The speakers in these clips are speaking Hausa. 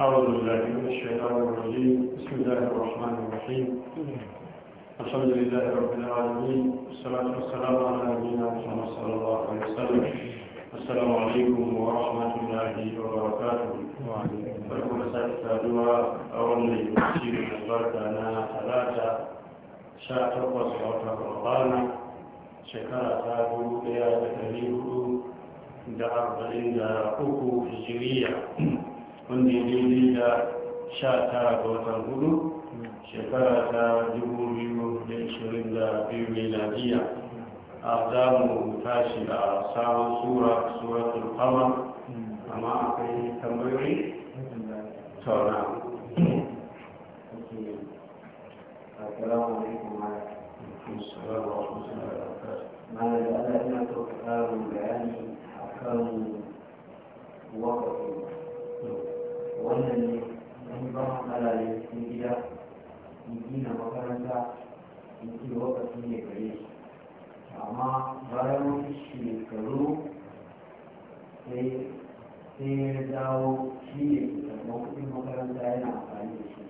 أعوذ بالله من الشيطان الرجيم بسم الله الرحمن الرحيم الحمد لله رب العالمين والصلاة والسلام على نبينا محمد صلى الله عليه وسلم السلام عليكم ورحمة الله وبركاته فرقم سادسة دواء أولي وشير البركة أنا ثلاثة شاء تقوى صلاة رمضان شكرا تابو يا تكريم da arba'in da uku hijiriya wanda ya daidai da sha tara ga watan hudu shekara ta dubu biyu da ishirin da biyu miladiya a za mu tashi a sabon sura suratul qamar amma akwai tambayoyi sauna السلام عليكم ورحمة الله وبركاته. ما لدى أنا أنا تقرأ بياني kan wakafi wannan ne an ba matsala ne cikin gida in gina makaranta in ce wakafi ne gare shi amma bayan wani shekaru sai ya dawo shi ne karɓar kuɗin makaranta yana amfani da shi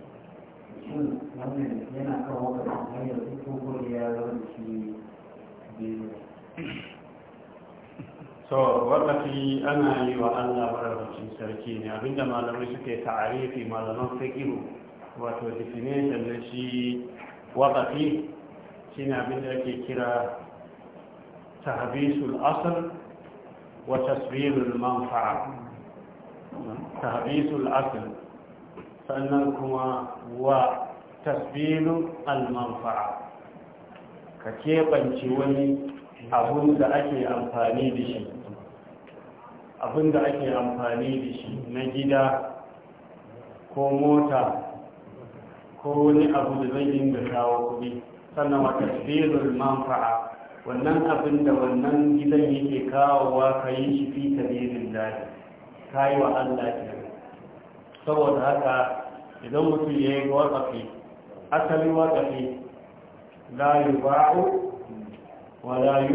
shin wannan yana kan wakafi hanyar ko ya zama da shi biyu to wakafi ana yi wa allah barabacin sarki ne abinda malamai suke ta'arifi malaman fikiru wato definition na shi wakafi shine abinda ake kira ta tahbisul asir wa tasbirul manfa'a tahbisul asir sannan kuma wa tasbirul manfa'a ka keɓance wani abun da ake amfani da shi abinda ake amfani da shi na gida ko mota ko wani abu da zai inda kawo kuɗi sannan wata tasbirul manfa'a wannan abin da wannan gidan yake kawowa ka yi shi fi tabirin daji ka yi wa Allah ke saboda haka idan mutum ya yi waƙafi asali waƙafi la yi ba'u wa la yi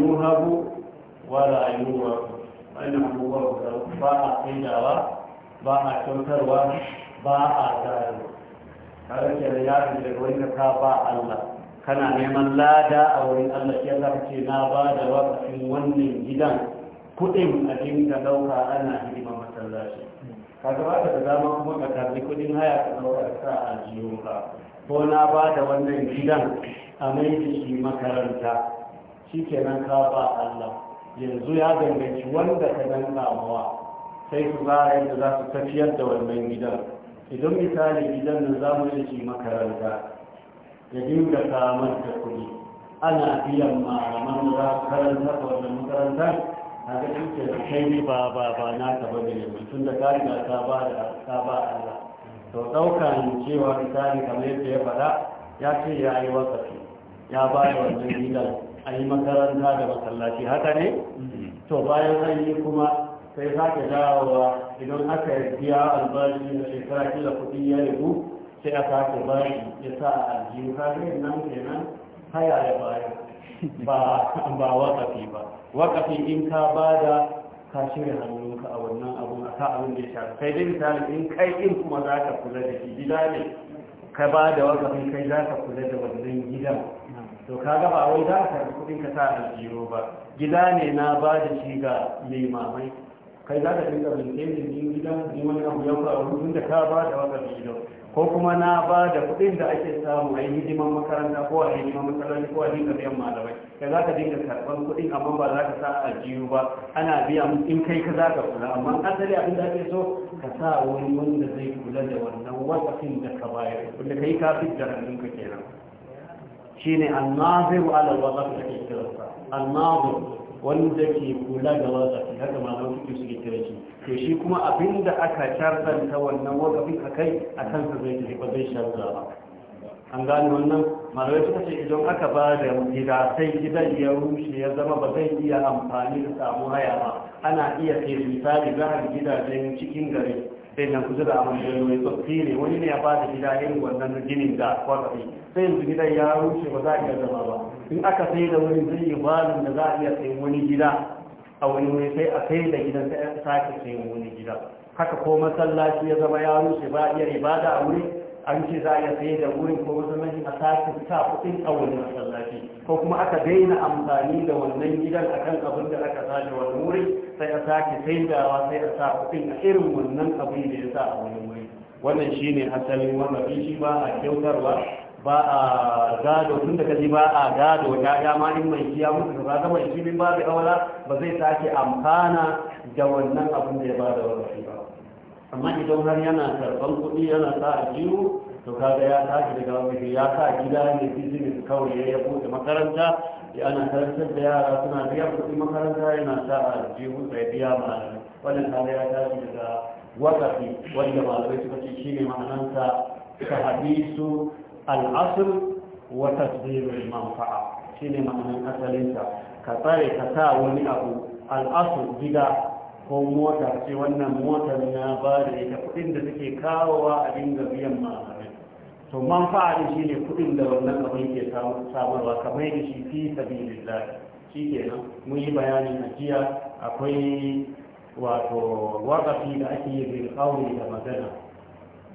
wa la yi wannan abubuwa guda ba a kaidawa ba a kyautarwa ba a tayarwa kaga kenan ya fi daga wani ka ba Allah kana neman lada a wurin Allah shi Allah ce na ba da wakafin wannan gidan kuɗin a dinga ɗauka ana hidima masallaci kaga ba da dama kuma ka tarbi kuɗin haya ka ɗauka sa a jiyonka ko na ba da wannan gidan a mai da shi makaranta shi kenan ka ba Allah yanzu ya danganci wanda ka nan mawa sai su a yadda za su tafiyar da wannan gidan idan misali gidan nan za mu yi makaranta ya dinga samar da kuɗi ana biyan malaman da za su karanta a wannan makarantar na ga shi da kai ba ba ba na ka da yanzu tun da ka riga ka ba da ka ba Allah to ɗaukan cewa misali kamar yadda ya faɗa ya ce ya yi wasa ya ba da wannan gidan a yi makaranta da masallaci haka ne to bayan an yi kuma sai sake dawowa idan aka biya albashi na shekara kila kuɗi ya rigu sai a sake bashi ya sa a aljihu kage nan kenan haya ya bayan ba wakafi ba wakafi in ka bada ka shirya hannunka a wannan abun a ka abin da ya shafi sai dai misali in kai in kuma za ka kula da shi gida ne ka ba da wakafin kai za ka kula da wannan gidan to ka gaba za ka kudin ka sa aljiyo ba gida ne na ba da shi ga limamai kai za ka dinga bincike ne gidan ni wani abu ya faru tun da ka ba da waka ko kuma na ba da kuɗin da ake samu a yi hidiman makaranta ko a yi hidiman makaranta ko a dinga biyan malamai da za ka dinga karɓar kuɗin amma ba za ka sa a ba ana biya in kai ka za ka kula amma asali abin da ake so ka sa wani wanda zai kula da wannan wasafin da ka bayar wanda ka yi kafin da ka kenan shine annaziru wa alwazaf da ke kiransa annazir wanda ke kula da wazafi haka malaman suke suke kira shi to shi kuma abinda aka shartanta wannan wazafi a kai a kansa zai tafi ba zai sharta ba an gane wannan malamai suka ce idan aka ba da gida sai gidan ya rushe ya zama ba zai iya amfani da samu haya ba ana iya kai misali za a gidajen cikin gari sai na kusa da amince mai tsoffi ne wani ne ya ba da gida irin wannan ginin da kwakwai sai yanzu gidan ya rushe ba za a iya zama ba in aka sai da wani zai yi malin da za a iya sayan wani gida a wani wuri sai a sai da gidan sai a sake sayan wani gida haka ko masallaci ya zama ya rushe ba a iya ibada a wuri an ce za a iya sai da wurin ko masallaci a sake sa kuɗin a wani masallaci ko kuma aka daina amfani da wannan gidan akan abin da aka sa da wani wuri sai a sake saidawa sai a sa kuɗin a irin wannan abin da ya sa a wani wuri wannan shine asalin wannan shi ba a kyautarwa ba a gado tun da kaji ba a gado ya ma in mai kiya mutu ba ga mai min ba da wala ba zai sake amfana da wannan abin da ya ba da wani ba amma idan har yana karban kuɗi yana sa a jiwo to kaga ya sake daga wani ya sa gida ne business kawai ya bude makaranta ana karantar da yara suna biya kuɗi makaranta yana sa a jiwo sai biya malamai wannan kaga ya sake daga wakafi wanda malamai suka ce ne ma'anansa ta hadisu al'asir wa tasdirul manfa'a shine ma'anin asalinta ka tsare ka sa wani abu al'asir gida ko mota ce wannan motar na ba da ita kudin da suke kawowa a dinga biyan ma'amari to man fa'ali shi ne kudin da wannan abin ke samarwa kamar da shi fi sabilillah shi kenan mun yi bayani a jiya akwai wato waƙafi da ake yi bil qawli da magana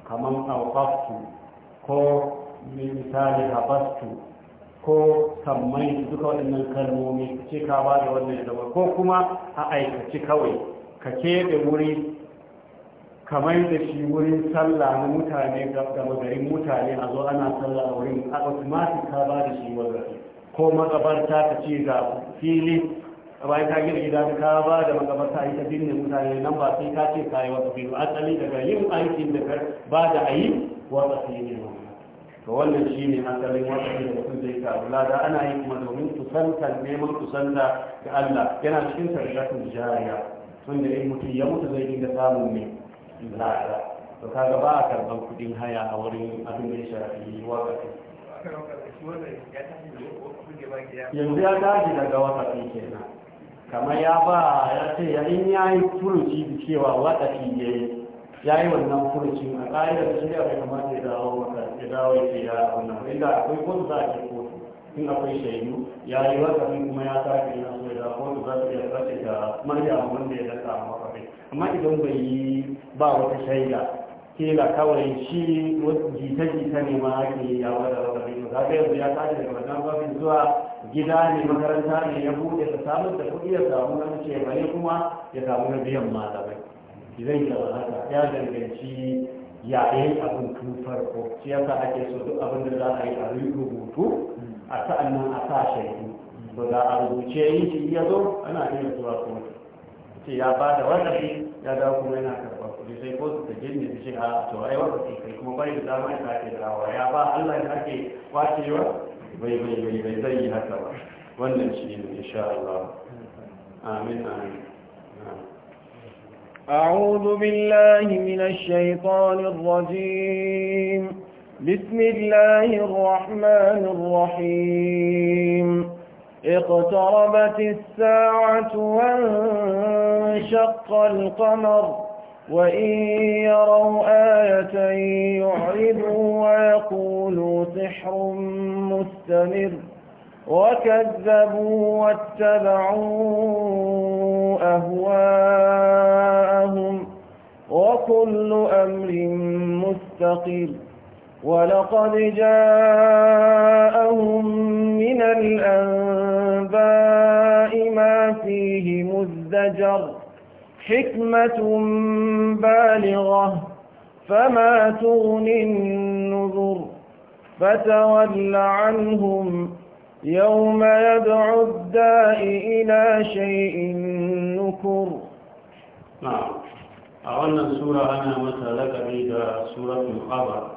kamar awqaftu ko min misali habastu ko sammai duka waɗannan kalmomi ce ka ba da wannan zama ko kuma a aikaci kawai ka keɓe wuri kamar da shi wurin sallah na mutane ga magarin mutane a zo ana sallah a wurin a automatic ka ba da shi wazari ko magabarta ka ce ga fili bayan ka gina gida ka ba da yi ita binne mutane nan ba sai ka ce kayi wata biyu asali daga yin aikin da ba da ayi wata fili ne to wannan shi ne asalin wata da mutum zai karu lada ana yi kuma domin kusantar neman kusanta ga Allah yana cikin sarkatun jariya tun da in mutum ya mutu zai dinga samun ne lada to kaga ba a karban kudin haya a wurin abin da ya shafi wakafi yanzu ya tashi daga wakafi kenan kamar ya ba ya ce ya in ya yi turuci cewa wakafi ya yi ya yi wannan furucin a ƙa'idar shirya bai kamata ya dawo maka ya dawo ya ce ya wannan inda akwai kotu za a ce kotu in akwai shaidu ya yi wasafin kuma ya sake yana so ya dawo kotu za su iya sace da marja wanda ya daka a makafai amma idan bai yi ba wata shaida kila kawai shi jita-jita ne ma ake ya wada wasafin za ka yanzu ya sake daga wannan babin zuwa gida ne makaranta ne ya buɗe ta samun da kuɗi ya samu na ya bane kuma ya samu na biyan bai zai zama haka ya danganci yayin abin tun farko shi yasa ake so duk abin da za a yi a rubutu a sa'an nan a sa shaidu ba za a rubuce yi shi ya zo ana iya zuwa kuma ce ya ba da wakafi ya dawo kuma yana karɓar kuɗi sai ko su ta ne da ce a to ai wakafi kai kuma bai da dama ita ake dawo ya ba Allah ya ake kwacewa bai bai bai bai zai yi haka ba wannan shi ne insha Allah amin amin أعوذ بالله من الشيطان الرجيم بسم الله الرحمن الرحيم اقتربت الساعة وانشق القمر وإن يروا آية يعرضوا ويقولوا سحر مستمر وكذبوا واتبعوا أهواءهم وكل أمر مستقر ولقد جاءهم من الأنباء ما فيه مزدجر حكمة بالغة فما تغني النذر فتول عنهم يوم يدعو الداء إلى شيء نكر نعم أولا سورة أنا مثلك بيدا سورة الخبر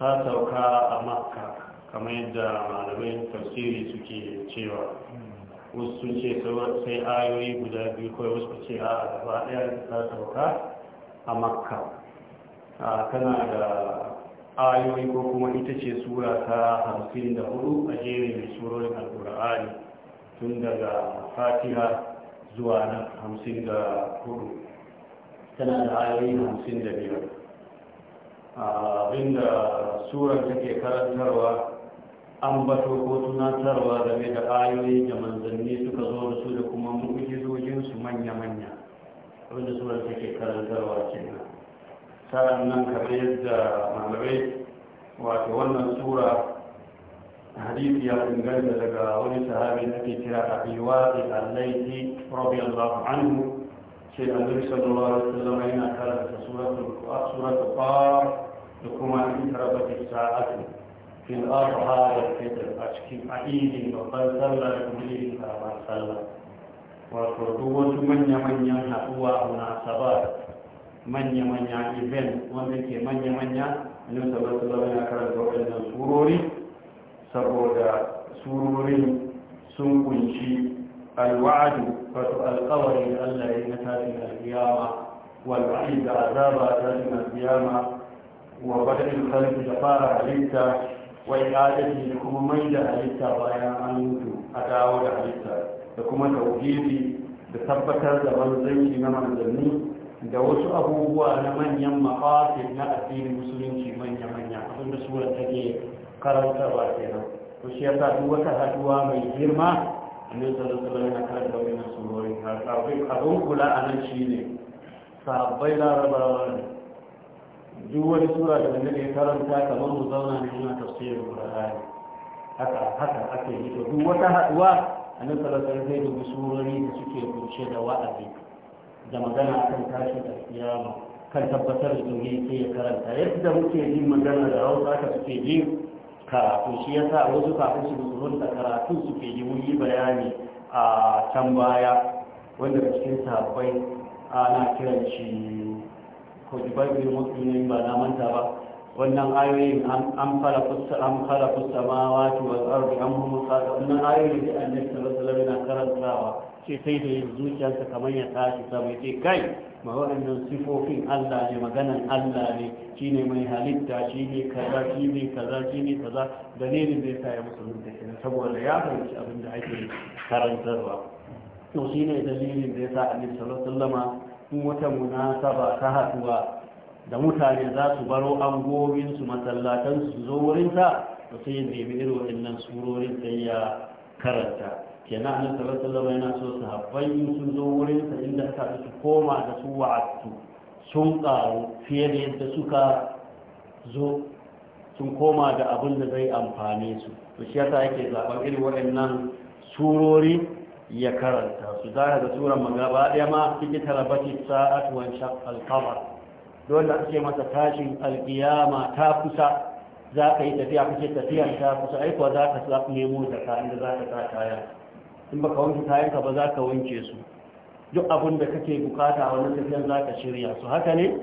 تاتوكا أمكا كما يدى معلمين تفسيري سكي تشيوا wasu sun ce sai ayoyi guda biyu kawai wasu ce a gaba ɗaya ta sauka a makka kana da ayoyi ko kuma ita ce sura ta hamsin da hudu a jerin mai surorin alkur'ani tun daga fatiha zuwa na hamsin da hudu tana da ayoyi hamsin da biyar abinda surar take karantarwa an bato ko tunatarwa game da ayoyi da manzanni suka zo da su da kuma mu'ujizojinsu manya-manya abinda surar take karantarwa kenan sa'an nan kamar yadda malamai wato wannan sura hadisi ya inganta daga wani sahabi da ke kira a wazi al-laiti radiyallahu anhu ce annabi sallallahu alaihi wasallam yana karanta suratul suratul qaf da kuma intarabati sa'atu fil adha wal fitr a cikin aidin babban sallah da kuma idin karamar sallah wato duk wasu manya-manyan haɗuwa na sabar manya-manya event wanda ke manya-manya annabi sallallahu alaihi wasallam ya karanta waɗannan surori saboda surorin sun kunshi alwa'adu wato alkawari da Allah ya na tashin alƙiyama wal da azaba tashin alƙiyama wa badal khalqi da fara halitta wa i'adati da kuma mai da halitta bayan an mutu a dawo da halitta da kuma tauhidi da tabbatar da manzanci na manzanni da wasu abubuwa na manyan makafi na addinin musulunci manya-manya abinda surar take karantarwa kenan to shi yasa duk wata haduwa mai girma annabi sallallahu alaihi wasallam yana karanta wannan surori abin kula a nan shi ne sahabbai larabawa ne duk wani sura da annabi ya karanta kamar mu zauna ne muna tafsirin qur'ani haka haka ake yi to duk wata haduwa a nan da wasallam zai dubi surori da suke kunshe da wa'azi da magana kan tashi da kiyama kan tabbatar da ke ya karanta yadda muke yin magana da hausa ka suke yin karatu shi ya sa wasu kafin su zuhur da karatu suke yi wuri bayani a can baya wanda da cikin sabbai ana kiran shi ko biyu bin musulmi ba na manta ba wannan ayoyin an fara fusta an fara fusta ma wato wal ardi an hum sada wannan ayoyin da annabi sallallahu alaihi wasallam karantawa ce sai da zuciyarsa kamar ya tashi sama ce kai ma wa'annan sifofin Allah ne maganan Allah ne shine mai halitta shine kaza shine kaza shine kaza dalilin zai sa ya da shi saboda ya fahimci abin da ake karantarwa to shine dalilin da yasa annabi sallallahu alaihi wasallam in na saba ta haduwa da mutane za su baro angoginsu masallatansu su zo wurinsa da sai ya nemi irin waɗannan surorin sai ya karanta kenan annabi sallallahu alaihi wasallam yana so sahabbai sun zo wurinsa inda aka su koma da su wa'attu sun ƙaru fiye da yadda suka zo sun koma da abin da zai amfane su to shi yasa yake zaɓar irin waɗannan surori ya karanta su za da ga suran magaba ɗaya ma cikin tarabatin sa'at wan shaqqal qamar dole ake masa tashin alkiyama ta kusa za ka yi tafiya kake tafiyar ta kusa aikuwa za ka nemo ka, inda za ka sa kaya in baka wanke kayanka ba za ka wanke su duk abin da kake bukata a wannan tafiyar za ka shirya su haka ne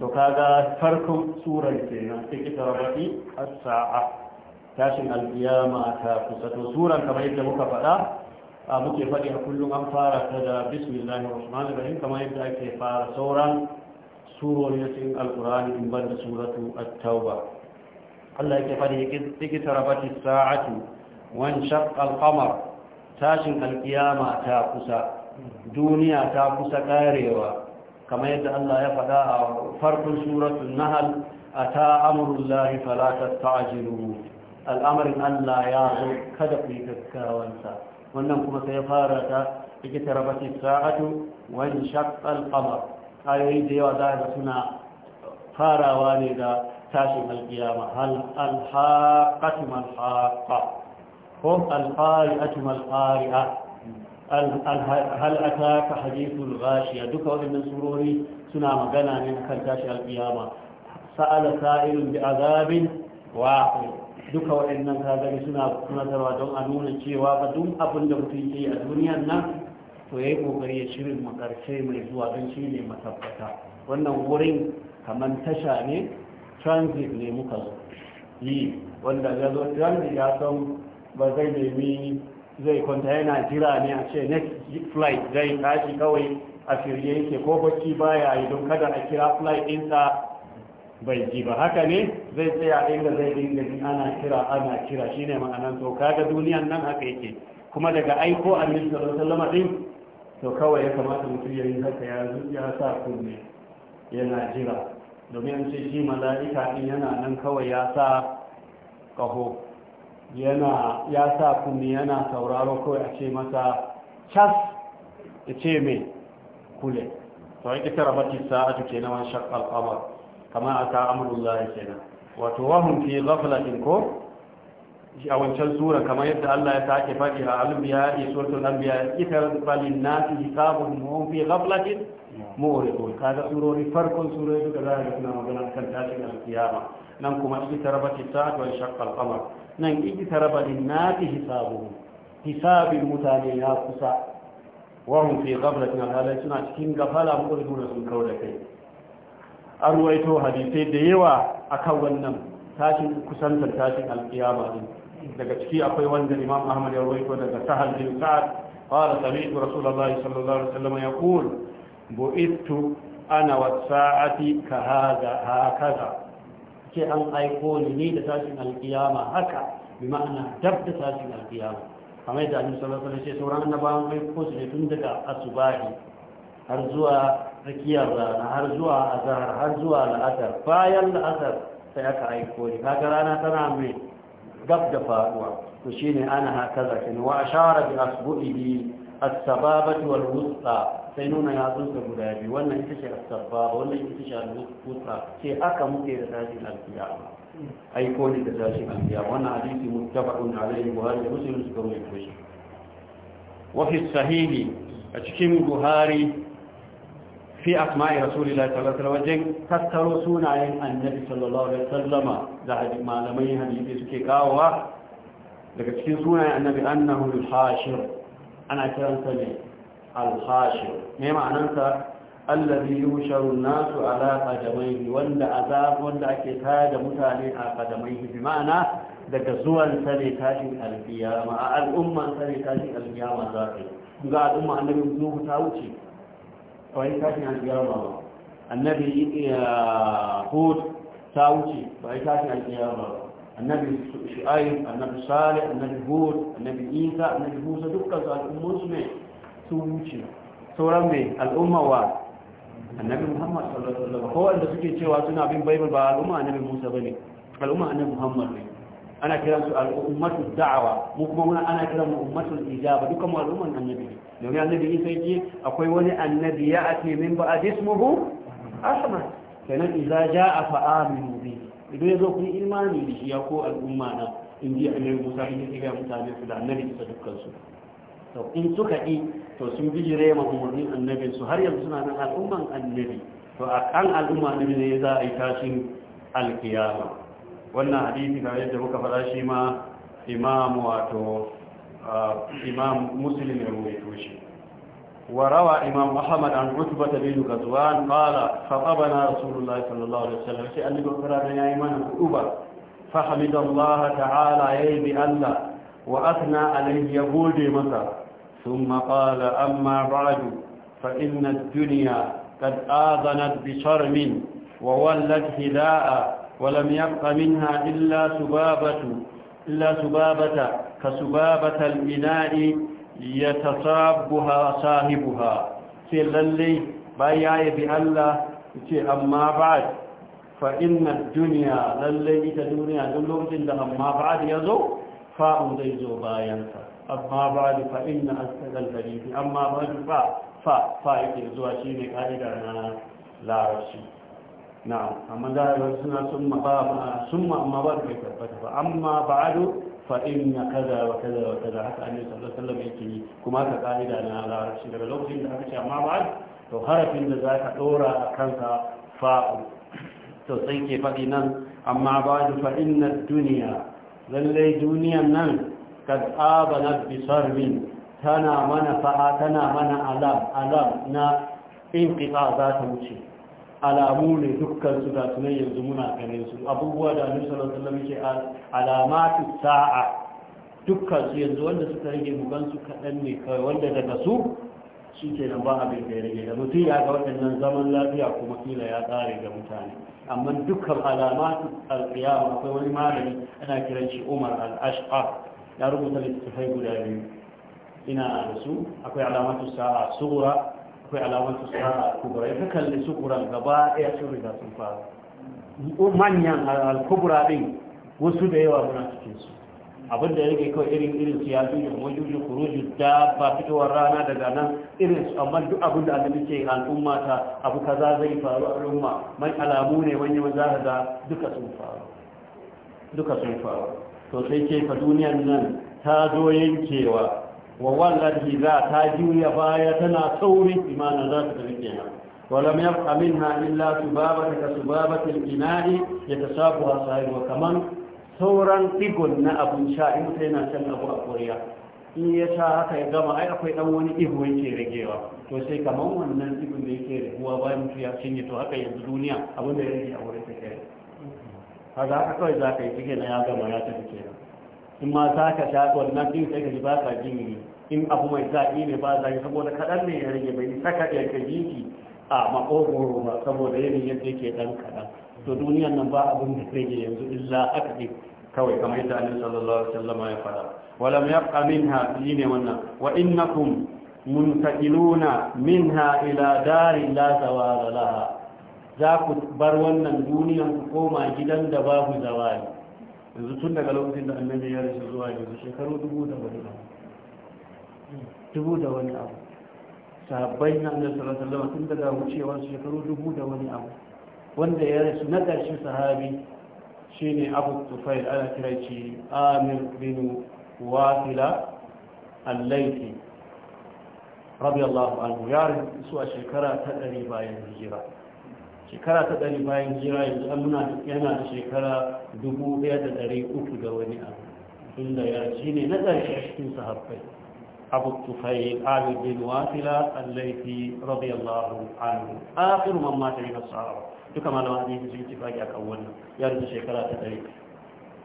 to kaga farkon surar kenan sai kita rabati as-sa'a tashin alkiyama ta kusa to suran kamar yadda muka faɗa a muke faɗi a kullum an fara ta da bismillahir rahmanir rahim kamar yadda ake fara sauran surorin cikin alkurani in banda suratu at-tauba Allah yake fadi yake tarabati sa'atu wan shaqqa al-qamar tashin alkiyama ta kusa duniya ta kusa karewa kamar yadda Allah ya faɗa a farkon suratu nahl ata amrullahi fala tastajilu al'amarin Allah ya zo kada ku yi wannan kuma sai ya fara ta ikita rabati sa'atu wa shaqqa al-qamar ayoyi da yawa za ga suna farawa ne da tashin alkiyama hal alhaqatu mal haqa ko alqari'atu mal qari'a hal ataka hadithul ghashiya duka waɗannan surori suna magana ne akan tashin alkiyama sa'ala sa'ilun bi azabin waqi duka waɗannan kagari suna tunatarwa don a nuna cewa ba duk abin da mutum ke a duniyar nan to ya yi ƙoƙari ya shirin makarce mai zuwa don shi ne matabbata wannan wurin kamar tasha ne transit ne muka zo yi wanda ya zo transit ya san ba zai nemi zai kwanta yana jira ne a ce next flight zai tashi kawai a shirye yake ko bacci baya yi don kada a kira flight ɗinsa bai ji ba haka ne zai tsaya inda zai dinga ji ana kira ana kira shine ma'anar to kaga duniyan nan haka yake kuma daga aiko annabi sallallahu alaihi wasallam din to kawai ya kamata mutum ya yi haka ya ya sa kunne yana jira domin an ce shi mala'ika din yana nan kawai ya sa kaho yana ya sa kunne yana sauraro kawai a ce masa cas ya ce mai kule to ya ƙi rabati sa'atu kenan wani shaqqal qamar kamar aka amrullahi kenan wato wahum fi ghaflatin ko a wancan sura kamar yadda Allah ya sake faɗi a albiya a suratul albiya ita balin nasi hisabuhum hum fi ghaflatin mu'ridun kaga surori farkon surori duka za ga suna magana kan tashin alkiyama nan kuma ita raba tisat wa shaqqa al-qamar nan ita raba lin nasi hisabuhum hisabin mutane ya kusa wa hum fi ghaflatin alhalai suna cikin gafala mu'ridun sun kauda kai an ruwaito hadisai da yawa akan wannan tashin kusantar tashin alkiyama din daga ciki akwai wanda imam ahmad ya rawaito daga sahal bin sa'ad qala sami'tu rasulullahi sallallahu alaihi wasallam yaqul bu'ittu ana wa sa'ati ka hada hakaza ce an aiko ni ni da tashin alkiyama haka bi ma'ana dab da tashin alkiyama kamar da annabi sallallahu alaihi wasallam ce sauran annabawan bai ko su tun daga asubahi har zuwa tsakiyar rana har zuwa azhar har zuwa la'asar bayan la'asar sai aka aiko ni kaga rana tana mai gab da faruwa to shi ne ana haka zaki wa ashara bi asbu'ihi as-sababatu wal wusta sai nuna yatsun da guda biyu wannan ita ce a sababa wannan ita ce al-wusta sai aka muke da tashin al-qiyama ai ko ne da tashin al-qiyama wannan hadisi muttafaqun alayhi buhari da muslim suka rawaito shi wa fi sahihi a cikin buhari fi asma'i rasulillahi sallallahu alaihi wajen tattaro sunayen annabi sallallahu alaihi wasallama da malamai hadisi suke kawowa daga cikin sunayen annabi annahu al-hashir ana kiransa ne al-hashir me ma'anarsa allazi yusharu nasu ala qadamayhi wanda azab wanda ake tada mutane a qadamayhi bi ma'ana daga zuwan sare tashin al-qiyama a al'umman sare tashin al-qiyama za ta ga al'umma annabi zuwa ta wuce bai tashin alkiyama ba annabi eh, hud ta wuce bai tashin alkiyama ba annabi shu'aib annabi salih annabi hud annabi isa annabi musa dukkan su al'ummun su ne su wuce sauran ne al'umma wa annabi muhammad sallallahu alaihi wasallam ko wanda suke cewa suna bin bible ba al'umma annabi musa bane al'umma annabi muhammad ne ana kiran su al'ummatu da'awa mu kuma muna ana kiran mu ummatul ijaba duka mu al'umman annabi domin annabi Isa yake akwai wani annabi ya ati min ba'd ismuhu ahmad kenan idza ja'a fa aminu bi idan yazo ku imani da shi ya ko al'umma na in ji annabi Musa in ga mutane su da annabi Isa dukkan su to in suka yi to sun bijire ma umarnin annabin su har yanzu suna nan al'umman annabi to a kan al'umma annabi ne za a yi tashin alkiyama wannan hadisi kamar yadda muka faɗa shi ma imam wato imam muslim ya rubuto shi wa rawa muhammad an rutba ta bin gazwan qala yayi mana kuba fa ta'ala yayi bi allah wa athna alayhi ya gode masa thumma qala amma ba'du fa inna wa wallat hidaa'a ولم يبق منها إلا سبابة إلا سبابة كسبابة الإناء يتصابها صاحبها سيللي بايعي بألا أما بعد فإن الدنيا للي تدنيا دلوك إلا أما بعد يزو فاء زيزو باينسا أما بعد فإن أسد الحديث أما بعد فاء فاء فاء يزوى شيني قائدنا لا رشيد na amma za a yi suna sun ma ba sun ma amma ba bai tabbata ba amma ba'adu fa inna kaza wa kaza wa kaza haka annabi sallallahu alaihi wasallam yake yi kuma haka ka'ida na larabci daga lokacin da aka ce amma ba'ad to harafin da za ka dora a kanka fa'u to sai ke faɗi nan amma ba'adu fa inna duniya lallai duniyan nan kad abanat bi sarmin tana mana fa'a tana mana alam alam na inqita za ta wuce alamu ne dukkan su da yanzu muna ganin su abubuwa da annabi sallallahu alaihi wasallam yake alamatu sa'a dukkan su yanzu wanda suka rage mugan su kadan ne kawai wanda daga su shi ke nan ba abin da ya rage da mutum ya ga waɗannan zaman lafiya kuma kila ya tsare ga mutane amma dukkan alamatu alƙiyama akwai wani malami ana kiran shi Umar al-Ashqa ya rubuta littattafai guda biyu ina da su akwai alamatu sa'a sura akwai alamar su a al-kubra ya kalli su kura gaba ɗaya sun riga sun fara manyan al din wasu da yawa muna cikin su abin da yake kawai irin irin su ya juju wajuju kuruju da ba fitowar rana daga nan irin su amma duk abin da annabi ce al'umma ta abu kaza zai faru a al'umma mai alamu ne manyan za ka ga duka sun faru duka sun faru to sai ce fa duniyar nan ta zo yankewa wa wallahi za ta juya baya tana sauri imanin za ta tafi kenan ولم يبق منها إلا سبابة كسبابة الإناء يتسابها صاحب وكمان ثورا إبن أبو شائم سينا san abu أقوريا in ya sha haka ya gama ai akwai dan wani ihu yake ragewa to sai kamar wannan ihun da yake raguwa bayan mutu ya cinye to haka yanzu duniya abun da ya rage a wurin ta kai haka haka kawai za ka yi cike na ya gama ya tafi kenan in ma za ka sha wannan din sai ka ji ba ka jin in abu mai zaƙi ne ba za zaƙi saboda kaɗan ne ya rage bai saka da ka ji ki a makogoro ba saboda yanayin yadda yake ɗan kaɗan to duniyan nan ba abin da rage yanzu illa haka ne kawai kamar yadda annabi sallallahu alaihi wasallam ya faɗa walam yabqa minha ne wannan wa innakum muntaqiluna minha ila darin la zawala laha za ku bar wannan duniyan ku koma gidan da babu zawali yanzu tun daga lokacin da annabi ya rasu zuwa yanzu shekaru dubu da wani abu dubu da wani abu sahabbai na annabi sallallahu alaihi wasallam tun daga wucewar shekaru dubu da wani abu wanda ya rasu na ƙarshen sahabi shine abu tufail ana kira shi amir bin wafila allaiti rabiyallahu anhu ya rasu a shekara ta ɗari bayan hijira shekara ta ɗari bayan jira yanzu an yana da shekara dubu ɗaya da ɗari uku da wani abu inda ya shi ne na ƙarshe a cikin sahabbai abu tufai alibin wasila allaifi radiyallahu anhu akhir man mata min as-sahaba duka malama ne su yi tifaki akan wannan ya rubuta shekara ta ɗari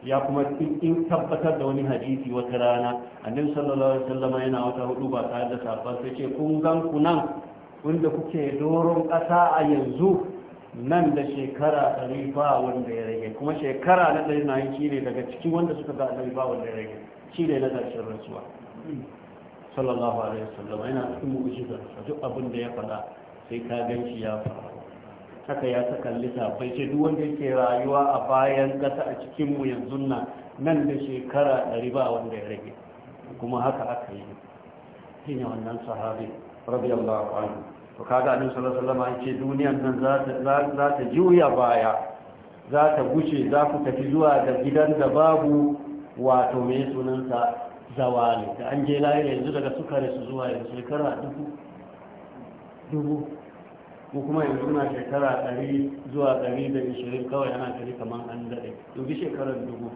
ya kuma in tabbatar da wani hadisi wata rana annabi sallallahu alaihi wasallam yana wata hudu ba tare da sahabban sai ce kun gan ku nan wanda kuke doron ƙasa a yanzu nan da shekara ɗari ba wanda ya rage kuma shekara na ɗari na yi ne daga cikin wanda suka ga ɗari ba wanda ya rage cire ne na ƙarshen rasuwa sallallahu alaihi wasallam yana cikin shi da duk abin da ya faɗa sai ka gan shi ya faru haka ya saka bai ce duk wanda yake rayuwa a bayan ƙasa a cikin mu yanzu nan nan da shekara ɗari ba wanda ya rage kuma haka aka yi shine wannan sahabi radiyallahu anhu to kaga annabi sallallahu alaihi wasallam yace duniyan nan za ta juya baya za ta guce za ku tafi zuwa ga gidan da babu wato mai sunansa zawali da an je lahira yanzu daga sukare su zuwa yanzu shekara dubu dubu ko kuma yanzu na shekara ɗari zuwa ɗari da ishirin kawai ana kari kamar an daɗe dubi shekarar dubu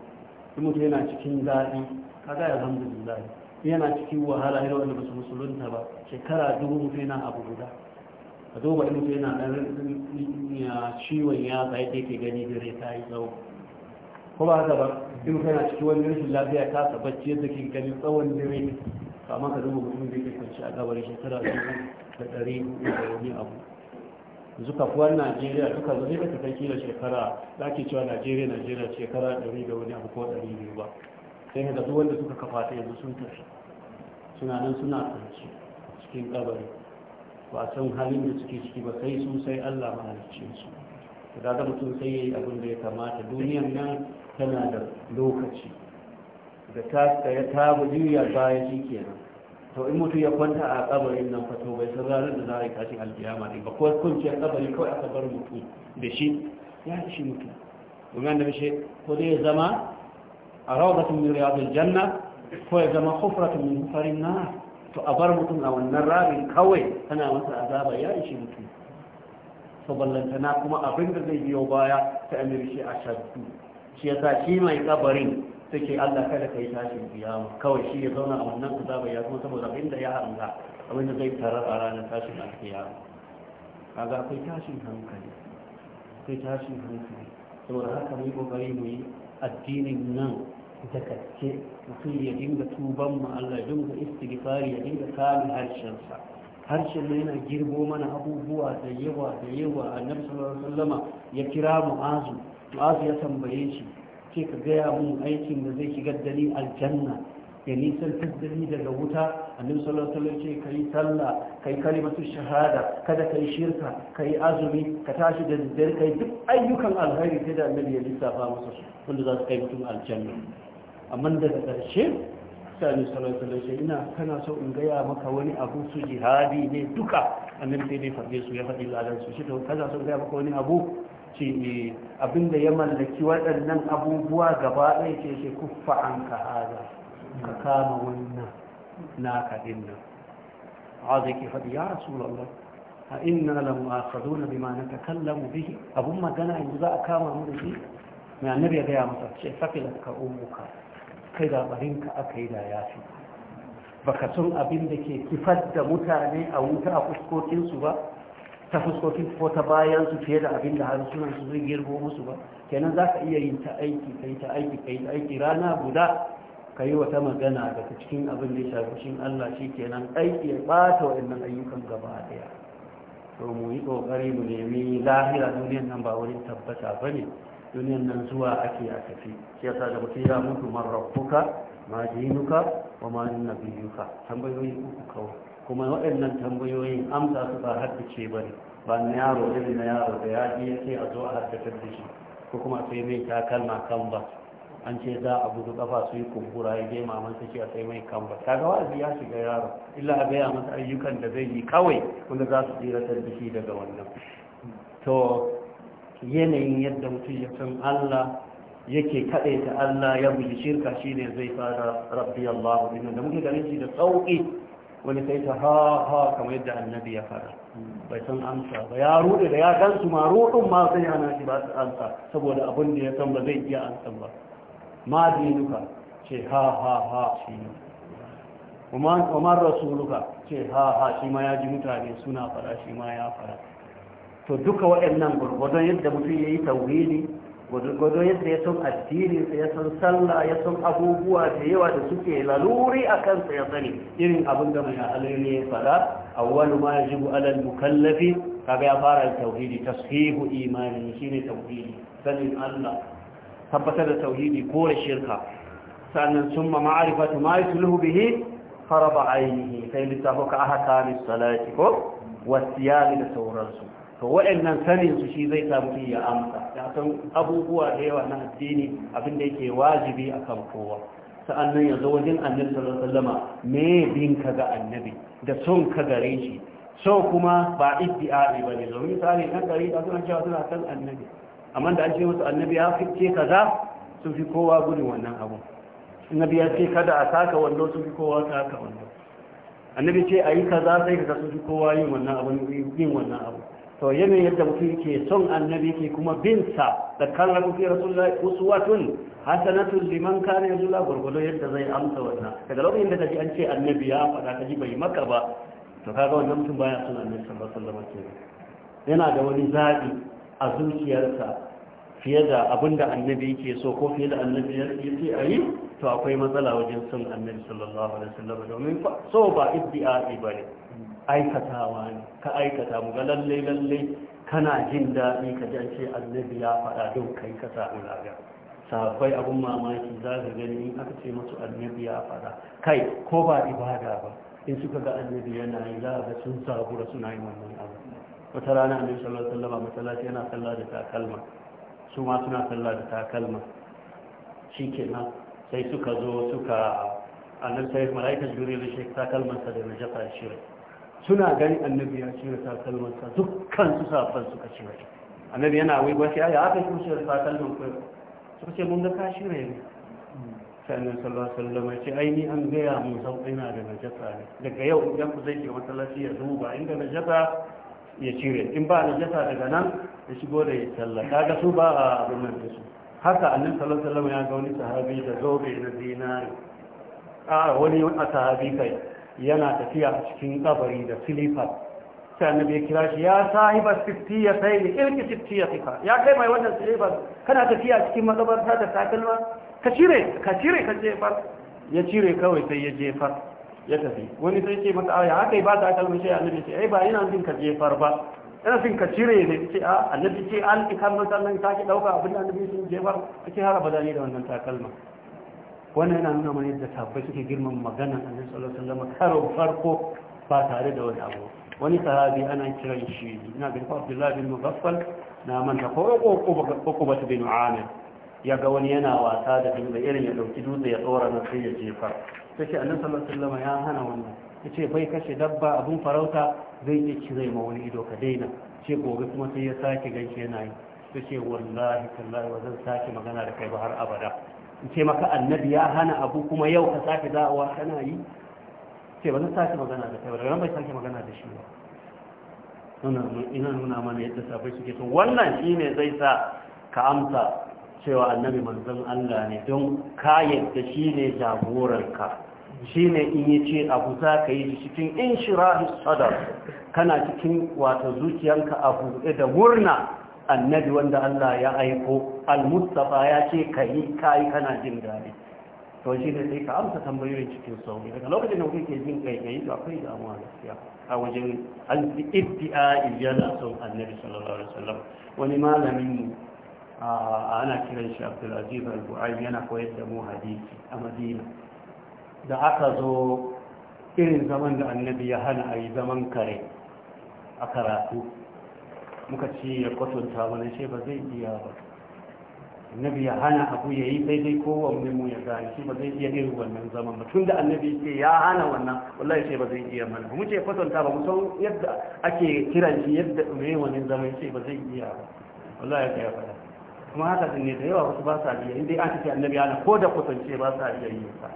in mutum yana cikin daɗi kaga alhamdulillah yana cikin wahala irin wanda ba su musulunta ba shekara dubu mutum yana abu guda a duba in mutum yana ɗan ya ciwon ya tsaye da ke gani dare ta yi tsawo ko ba haka ba in kana cikin wani rashin lafiya ta tabbaci yadda ke gani tsawon dare kama ka duba mutum da yake kwanci a gabar shekara dubu da ɗari da wani abu zukafuwar najeriya duka zai ka tafi kila shekara za ke cewa najeriya najeriya shekara ɗari da wani abu ko ɗari biyu ba sai ga duk wanda suka kafa ta yanzu sun tafi suna nan suna kwanci cikin kabari ba san halin da suke ciki ba sai su sai Allah mahalicci su da ga mutum sai yayi abin da ya kamata duniyar nan tana da lokaci da ta ya ta juya baya shikenan to in mutum ya kwanta a kabarin nan fa to bai san ranar da za a yi tashin alkiyama ne ba ko kwanciyar kabari kawai aka bar mutum da shi ya ci mutum domin da bishe ko zai zama a rawdatun min riyadul janna ko ya zama hufratun min hufarin nar to a bar mutum a wannan rabin kawai tana masa azaba ya ishe mutum to ballantana kuma abin da zai biyo baya ta amir shi a shaddu shi yasa shi mai kabarin ke Allah kada kai tashin kiyama kawai shi ya zauna a wannan azaba ya kuma saboda abin da ya hanga abin da zai tarar a ranar tashin alkiyama kaga akwai tashin hankali akwai tashin hankali saboda haka mu yi kokari mu yi addinin nan da kaske mutum ya dinga tuban mu Allah ka dinga istighfari ya dinga kame harshensa harshen ne yana girbo mana abubuwa da yawa da yawa annabi sallallahu alaihi wasallama ya kira mu'azu mu'azu ya tambaye shi ce ka gaya mun aikin da zai shigar da ni aljanna ya nisan tasdari daga wuta annabi sallallahu alaihi wasallam ce kai sallah kai kalimatu shahada kada kai shirka kai azumi ka tashi da daddare kai duk ayyukan alkhairi sai da annabi ya lissafa musu wanda za su kai mutum aljanna amma da ƙarshe sani salatu lashe ina kana so in gaya maka wani abu su jihadi ne duka annabi sai dai faɗe su ya faɗi ladan su shi to kana so in gaya maka wani abu ce abinda ya mallaki waɗannan abubuwa gaba ɗaya ce ce kuffa an ka haza ka kama wannan na kaɗin nan a zai ke faɗi ya rasu lallai. a inna lamu a sado na bima na takallamu bihi abun magana yanzu za a kama mu da shi mai annabi ya gaya masa ce safilar ka umuka kai da barinka aka yi da yafi ba baka sun abin da ke kifar da mutane a wuta a fuskokinsu ba ta fuskokin ko ta bayan su fiye da abin da harsunan su zai girgo musu ba kenan za ka iya yin ta aiki kai ta aiki kai ta aiki rana guda ka yi wata magana daga cikin abin da ya shafi shin Allah shi kenan aiki ya bata waɗannan ayyukan gaba daya to mu yi ƙoƙari mu nemi lahira duniyar nan ba wurin tabbata ba ne duniyan nan zuwa ake a tafi shi yasa da mutum ya mutu man rabbuka ma dinuka wa ma nabiyuka tambayoyi uku kawai kuma waɗannan tambayoyin amsa su ba haddace ba ne ba na yaro irin na yaro da ya je sai a zo a haddace da shi ko kuma sai mai takalma kan ba an ce za a gudu kafa su yi kumbura ya je maman a sai mai kan ba kaga wa'azi ya shiga yaro illa a gaya masa ayyukan da zai yi kawai wanda za su tsira da daga wannan to yanayin yadda mutum ya san Allah yake kaɗai ta Allah ya buji shirka shi ne zai fara rabbi Allah inda da muke ganin shi da sauƙi wani sai ta ha ha kamar yadda annabi ya fara bai san amsa ba ya rude da ya gansu ma rudun ma sai hana shi ba su amsa saboda abin da ya san ba zai iya amsa ba ma dinuka ce ha ha ha shi ne umar rasuluka ce ha ha shi ma ya ji mutane suna fara shi ma ya fara to duka waɗannan gurgudun yadda mutum ya yi tauhidi gurgudun yadda ya san addini ya san sallah ya san abubuwa da yawa da suke laluri a kansa ya sani irin abin da mai alalini ya fara awwalu ma yajibu alal mukallafi kaga ya fara tauhidi tashihu imani shine tauhidi sanin Allah tabbatar da tauhidi kore shirka sannan summa ma'rifatu ma yusluhu bihi faraba ainihi sai littafuka ahkamis salati ko wasiyami da sauransu to waɗannan sanin su shi zai samu iya amsa ya san abubuwa da yawa na addini abin da yake wajibi a kan kowa sa'annan ya zo wajen annabi sallallahu alaihi wasallam me bin ka ga annabi da son ka gare shi so kuma ba ba ne, domin misali kan gari da suna cewa suna san annabi amma da an ce musu annabi ya fice kaza sun fi kowa gudun wannan abu annabi ya ce kada a saka wando sun fi kowa saka wando annabi ce a yi kaza sai ka sun fi kowa yin wannan abu yin wannan abu to yanayin yadda mutum ke son annabi ke kuma binsa da kan rabu fi rasulullahi uswatun hasanatun liman kana yuzula gurgudo yadda zai amsa wannan daga lokacin da kaji an ce annabi ya faɗa kaji bai maka ba to kaga wannan mutum baya son annabi sallallahu alaihi wasallam ke yana da wani zabi a zuciyarsa fiye da abin da annabi yake so ko fiye da annabi ya ce a yi to akwai matsala wajen son annabi sallallahu alaihi wasallam domin so ba ibdi'a ba ne aikatawa ne ka aikata mu ga lalle lalle kana jin daɗi ka ji an ce annabi ya faɗa don kai ka samu lafiya sabai abun mamaki za ka gani in aka ce masu annabi ya faɗa kai ko ba ibada ba in suka ga annabi yana yi za ga sun sabura suna yin wannan abu wata rana annabi sallallahu alaihi wasallam masallaci yana sallah da takalma su ma suna sallah da takalma shikenan sai suka zo suka annabi sai malaika jibril shi takalmansa da najasa shirin suna gani annabi ya cire takalmansa dukkan su safan suka cire annabi yana wai ba shi ya aka shi cire takalman ku suka ce mun ga ka ne sannan sallallahu alaihi wasallam ya ce aini an gaya mun sau ina da najasa ne daga yau idan ku zai ke masallaci ya duba inda najasa ya cire in ba najasa daga nan ya shigo da ya sallah kaga su ba a abin nan da su haka annabi sallallahu alaihi wasallam ya ga wani sahabi da zobe na zinari a wani a sahabi kai yana tafiya a cikin kabari da silifar sai annabi ya kira shi ya ba sifti ya sai ne ilki sifti ya fika ya kai mai wannan silifar kana tafiya cikin makabarta da takalma ka cire ka cire ka jefar ya cire kawai sai ya jefar ya tafi wani sai ce masa aya haka ba takalma sai annabi ce ai ba ina jin ka jefar ba ina jin ka cire ne ce a annabi ce an ikan mutan ta ke dauka abin da annabi sun jefar kace har abada ne da wannan takalma wannan yana nuna mana yadda tabbai suke girman a annabi tsallon sun zama karon farko ba tare da wani abu wani sahabi ana kiran shi ina bin Abdullahi bin Mughaffal na manta ko ko ko ba bin Amir ya ga wani yana wasa da dutse irin ya dauki dutse ya tsora na sai ya jefa sai annabi sallallahu alaihi wasallam ya hana wannan yace bai kashe dabba abun farauta zai iya cire ma wani ido ka daina ce gobe kuma sai ya sake ganke yana yi sai ce wallahi tallahi wa zan sake magana da kai ba har abada ce maka annabi ya hana abu kuma yau ka sake da'awa kana yi ce ba zan sake magana da kai ba daga bai sake magana da shi ba ina nuna mana yadda safai suke to wannan shi ne zai sa ka amsa cewa annabi manzon Allah ne don ka yadda shi ne jagoranka shi ne in yi ce abu za ka yi cikin in shirahi sadar kana cikin wata zuciyanka abu da murna annabi wanda Allah ya aiko al-mustafa ya ce kai kai kana jin dadi to shi ne sai ka amsa tambayoyin cikin sauri daga lokacin da kuke jin kai kai to akwai damuwa gaskiya a wajen al-ibti'a yana son annabi sallallahu alaihi wasallam wani malamin mu ana kiran shi Abdulaziz al-Bu'ayy yana koyar da mu hadisi a Madina da aka zo irin zaman da annabi ya hana a yi zaman kare a karatu muka ce ya kwatanta wani ce ba zai iya ba annabi ya hana abu ya yi daidai kowanne mu ya gane shi ba zai iya irin wannan zaman ba tun da annabi ce ya hana wannan wallahi ce ba zai iya mana mu ce kwatanta ba mu san yadda ake kiran shi yadda mai wani zaman ce ba zai iya ba wallahi ka ya faɗa kuma haka ne da yawa wasu ba sa biya in dai an ce annabi hana ko da kwatance ba sa biya yi ba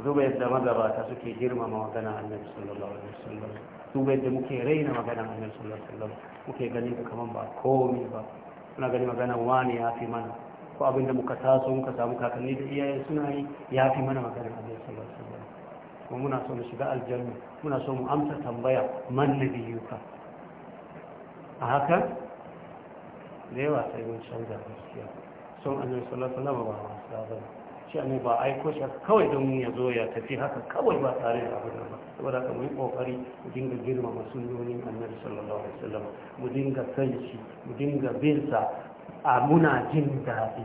Zuba yadda magabata suke girmama magana annabi sallallahu alaihi wasallam Zuba yadda muke raina magana annabi sallallahu alaihi wasallam muke ganin ka kaman ba komai ba muna gani magana wani ya fi mana ko abin da muka taso muka samu kakanni da iyaye suna yi ya fi mana magana annabi sallallahu alaihi wasallam kuma muna so mu shiga aljanna muna so mu amsa tambaya man yuka a haka da yawa sai mun canza gaskiya son annabi sallallahu alaihi wasallam ba wasa ba ce ne ba aiko shi kawai don ya zo ya tafi haka kawai ba tare da abin ba saboda ka mu yi kokari mu dinga girmama sunnonin annabi sallallahu alaihi wasallam mu dinga san mu dinga bin sa a muna jin daɗi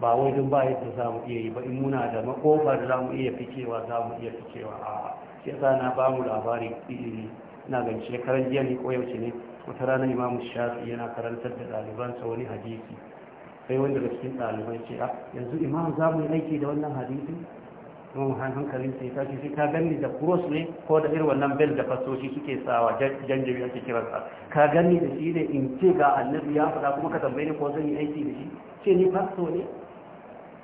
ba wai don ba yadda za mu iya yi ba in muna da makofar za mu iya fikewa za mu iya ficewa a shi yasa na ba mu labari ina ga shekaran jiya ne ko yaushe ne wata rana imamu shafi yana karantar da ɗalibansa wani hadisi sai wanda daga cikin ɗalibai ce a ah, yanzu imam za mu yi aiki da wannan hadisi imam hankalin sai ta ce ka ganni da cross ne ko da irin wannan bel da fasoshi suke sawa janjabi ake kiransa ka ganni da shi ne in ce ga annabi ya faɗa kuma ka tambaye ni ko zan yi aiki da shi ce ni fasto ne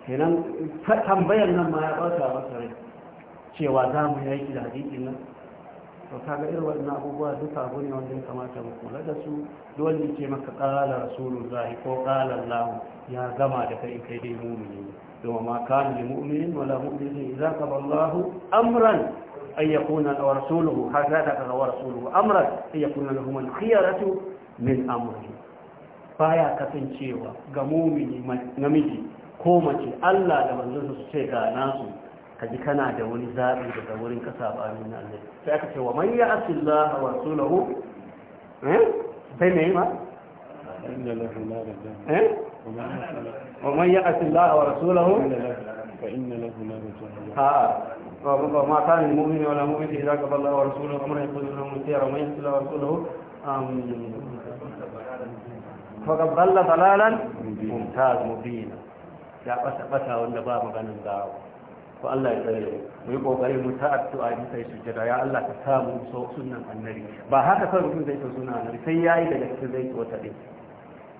kenan tambayar nan ma ya ɓata masa rai cewa za mu yi aiki da hadisi nan to kaga irin wannan abubuwa duka abu ne wanda ya kamata mu kula da su dole ce maka rasulun rasulullahi ko qala allah ya gama da kai kai dai mu'mini domin ma kana lil mu'minin wala mu'minin idza qada allah amran an yakuna aw rasuluhu hatta daga wa rasuluhu amran an yakuna lahum al khiyaratu min amrihi baya kasancewa ga mu'mini namiji ko mace Allah da manzon su ce ga nasu kaji kana da wani zabi daga wurin ƙasa ba min Allah sai aka ce wa man ya asilla wa rasulahu eh sai me ma wa man ya asilla wa rasulahu fa inna lahu nar ha wa ma kana mu'mini wala mu'minati idza qada Allah wa rasuluhu amran yakunu lahum khiyara man yasilla wa rasulahu faqad dhalla dhalalan mumtaz mubina ya bata bata wanda ba maganin gawo to Allah ya tsare mu yi kokari mu ta addu'a mu sai sujjada ya Allah ka sa mu so sunnan annabi ba haka sai mutum zai so sunnan annabi sai yayi daga cikin zai wata din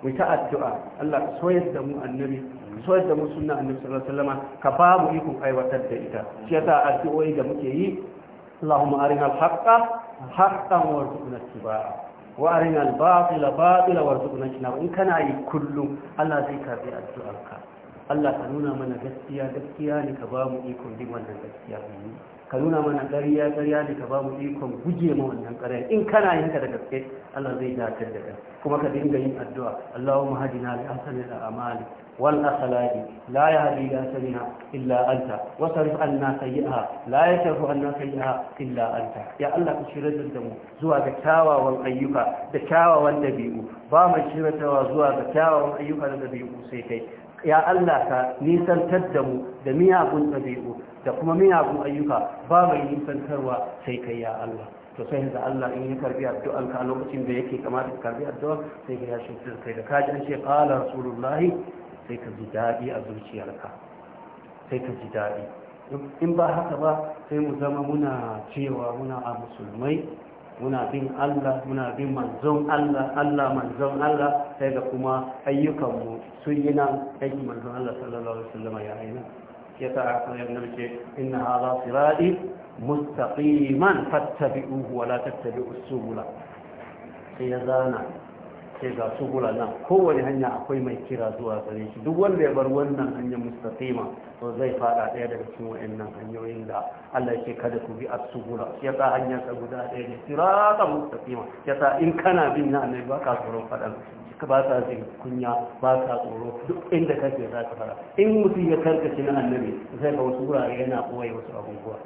mu ta addu'a Allah ka soyar da mu annabi soyar da mu sunnan annabi sallallahu alaihi wasallam ka ba mu ikon aiwatar da ita shi yasa addu'o'i da muke yi اللهم أرنا الحق حقا وارزقنا اتباعه وأرنا الباطل باطلا وارزقنا اجتنابه إن كان أي كل الله زي كافي الدعاء Allah ka nuna mana gaskiya gaskiya ne ka ba mu ikon bin wannan gaskiya ka nuna mana ƙarya ƙarya ne ka ba mu ikon guje ma wannan ƙarya in kana yin ka da gaske Allah zai dakatar da kai kuma ka dinga yin addu'a Allahumma hadina li ahsanil a'mali wal akhlaqi la yahdi ila sabina illa anta wa sarif anna sayyi'aha la yasrifu anna sayyi'aha illa anta ya Allah ka shirar da mu zuwa ga kyawawan ayyuka da kyawawan dabi'u ba mu shiratawa zuwa ga kyawawan ayyuka da dabi'u sai kai ya Allah ka nisantar da mu da miyagun ɗabi'u da kuma miyagun ayyuka ba mai nisantarwa sai kai ya Allah to sai da Allah in ya karbi addu'an ka lokacin da yake kamata ka karbi addu'a sai ka yashi da kai da kaji an ce qala rasulullahi sai ka ji dadi a zuciyarka sai ka ji dadi in ba haka ba sai mu zama muna cewa muna a musulmai muna bin Allah muna bin manzon Allah Allah manzon Allah sai ga kuma ayyukanmu sun yi nan aiki manzon Allah sallallahu alaihi wasallam ya aina ya ta aka yi nan ce inna hadha sirati mustaqiman fattabi'uhu wa la tattabi'us subula sai ya zana sai ga su nan kowane hanya akwai mai kira zuwa gare shi duk wanda ya bar wannan hanyar mustaqima to zai fada daya daga cikin wayannan hanyoyin da Allah yake kada ku bi as-subula ya ta hanyar sa guda daya ne sirata mustaqima ya ta in kana bin na annabi ba ka tsoro fadan ka ba ta jin kunya ba ka tsoro duk inda kake za ka fara in mutum ya karkace na annabi zai ga wasu wurare yana koyi wasu abubuwa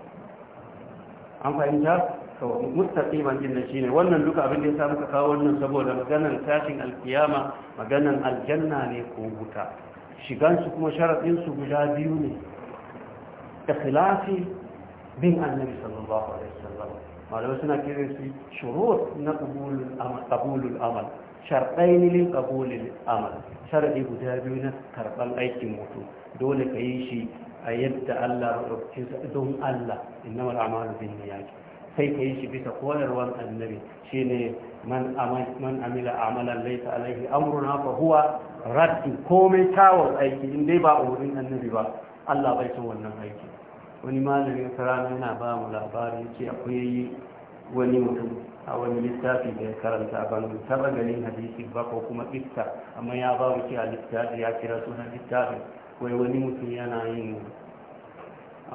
an fahimta mustaqiman din shine wannan duka abin da samu muka kawo wannan saboda maganan tashin alkiyama maganan aljanna ne ko wuta shigan su kuma sharadin su guda biyu ne ikhlasi bin annabi sallallahu alaihi wasallam malama suna kiran su shurut na qabulul amal qabulul amal sharɗaini lil amal sharaɗi guda biyu na karɓar aikin mutum dole ka yi shi a yadda Allah don Allah innamal a'malu binniyati sai ka yi shi bisa koyarwar annabi Shi ne man amila amalan laifin alaihi amurna fa huwa raddu komai tawon aiki in dai ba wurin annabi ba Allah bai son wannan aiki wani malamin karana yana ba mu labari ce akwai wani mutum a wani littafi da ya karanta ban taba ganin hadisi ba ko kuma ista amma ya ba mu a littafi ya kira sunan littafin wai wani mutum yana yin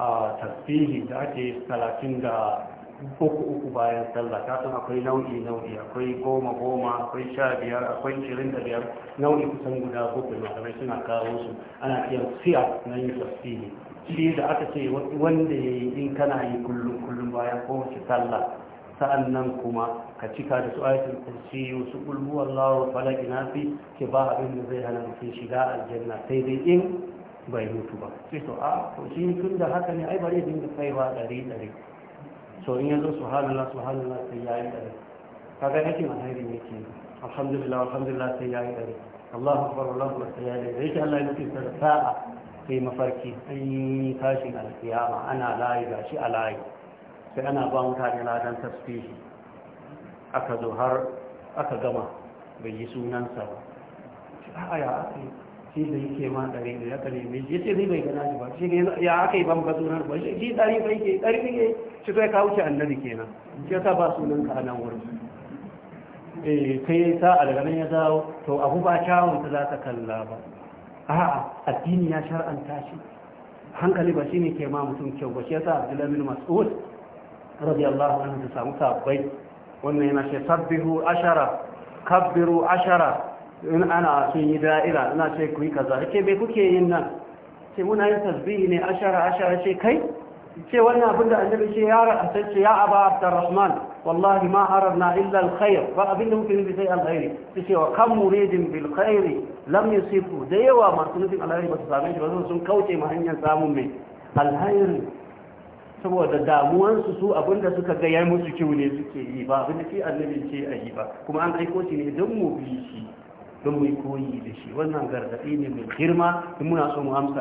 a ah, tasbihi da ake talatin da uku uku bayan sallah ta san akwai nau'i nau'i akwai goma goma akwai sha biyar akwai ishirin da biyar nau'i kusan guda bakwai malamai suna kawo su ana iya siya na yin tafsiri shi da aka ce wanda ya yi in kana yi kullum kullum bayan kowace sallah nan kuma ka cika da su ayatul kursi su kulhu wallahu falaki na fi ke ba abin da zai hana mutum shiga aljanna sai dai in bai mutu ba sai to a ah, to shi tun da haka ne ai bare dinga kai ba ɗari ɗari to in yanzu subhanallah subhanallah sai yayi dare kaga nake alheri ne ke alhamdulillah alhamdulillah sai yayi dare Allahu akbar Allahu akbar sai yayi dare yake Allah ya nufi da sa'a sai mafarki an yi tashin alkiyama ana layi gashi a layi sai ana ba mutane ladan tasbihi aka zo har aka gama bai yi sunansa ba a'a ya aka shi da yake ma ɗari da ya kare mai ya ce zai bai gana shi ba shi ya aka yi ban ba sunan ba shi ɗari bai ke ɗari ne shi kai ka wuce annabi kenan shi yasa ba sunan ka nan wurin eh kai sa nan ya dawo to abu ba kyawun ta za ta kalla ba a'a addini ya shar'anta shi hankali ba shine ke ma mutum kyau ba shi yasa Abdullahi bin Mas'ud radiyallahu anhu ta samu sabbai wannan yana ce sabbihu ashara kabbiru ashara in ana sun yi da'ira ina ce ku yi kaza ake me kuke yin nan sai muna yin tasbihi ne ashara ashara ce kai ce wannan abin da annabi ce ya ra'asar ce ya aba abdurrahman wallahi ma ararna illa alkhair ba abin da muke nufi sai alkhairi su ce wa kan muridin bil khairi lam yusifu da yawa masu nufin alkhairi ba su same shi ba sun kauce ma hanyar samun mai alkhairi saboda damuwansu su abin da suka ga ya musu kyau ne suke yi ba abin da shi annabi ce a yi ba kuma an aiko shi ne don mu bi shi don mu yi koyi da shi wannan gargaɗi ne mai girma in muna so mu amsa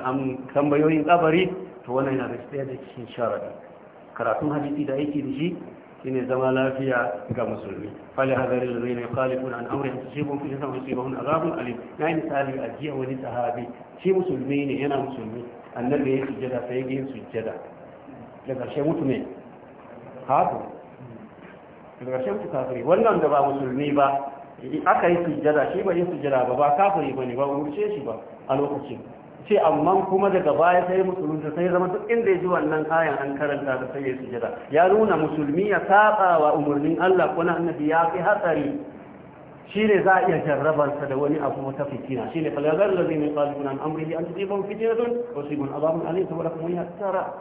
tambayoyin kabari to wannan yana da ɗaya da cikin sharadi karatun hadisi da aiki da shi ne zama lafiya ga musulmi fali hazari da zai ne kalifun an aure su shi kun fi san wasu ibahun azabun alim na yi misali a jiya wani sahabi shi musulmi ne yana musulmi annan da ya sujjada sai ya yin sujjada da ƙarshe mutu ne hafu da ƙarshe mutu kafiri wannan da ba musulmi ba aka yi sujjada shi ba yi sujjada ba ba kafiri ba ne ba umurce shi ba a lokacin ce amma kuma daga baya sai musulunta sai zama duk inda ya ji wannan kayan an karanta da sai ya sujada ya nuna musulmi ya saba wa umarnin Allah ko na annabi ya fi hatsari shine za a iya jarrabarsa da wani abu wata fitina shine fa lazar lazi na qalbun an amrihi an tusibun fitnatun wa tusibun azabun alim kuma ya yasara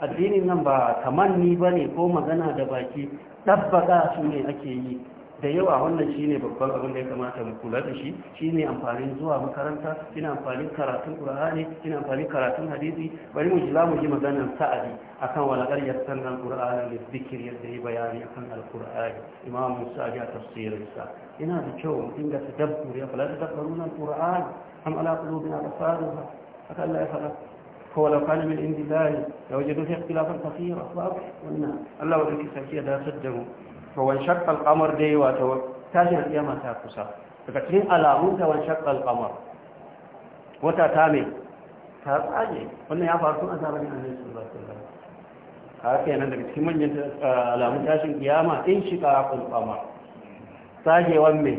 addinin nan ba tamanni ne, ko magana da baki dabbaka shi ne ake yi da yawa wannan shine babban abin da ya kamata mu kula da shi shine amfanin zuwa makaranta shine amfanin karatun qur'ani shine amfanin karatun hadisi bari mu jila mu ji maganar sa'adi akan wala qad yasanna al-qur'ana li dhikr yadda yi bayani akan al-qur'ani imam musa ya tafsirin sa ina da kyau mu dinga tadabbur ya fala tadabburuna al-qur'an am ala qulubina asaruha haka Allah ya fara هو لو كان من عند الله لوجدوا فيه اختلافا كثيرا واضح قلنا الله ولك سكيه لا تدموا to wan kamar qamar dai wato tashin kiyama ta kusa daga cikin alamun ta wan shaqqal wata ta me ta tsaje wannan ya faru tun a zamanin annabi sallallahu alaihi wasallam haka yana daga cikin manyan alamun tashin kiyama in shiqa qamar tsajewan me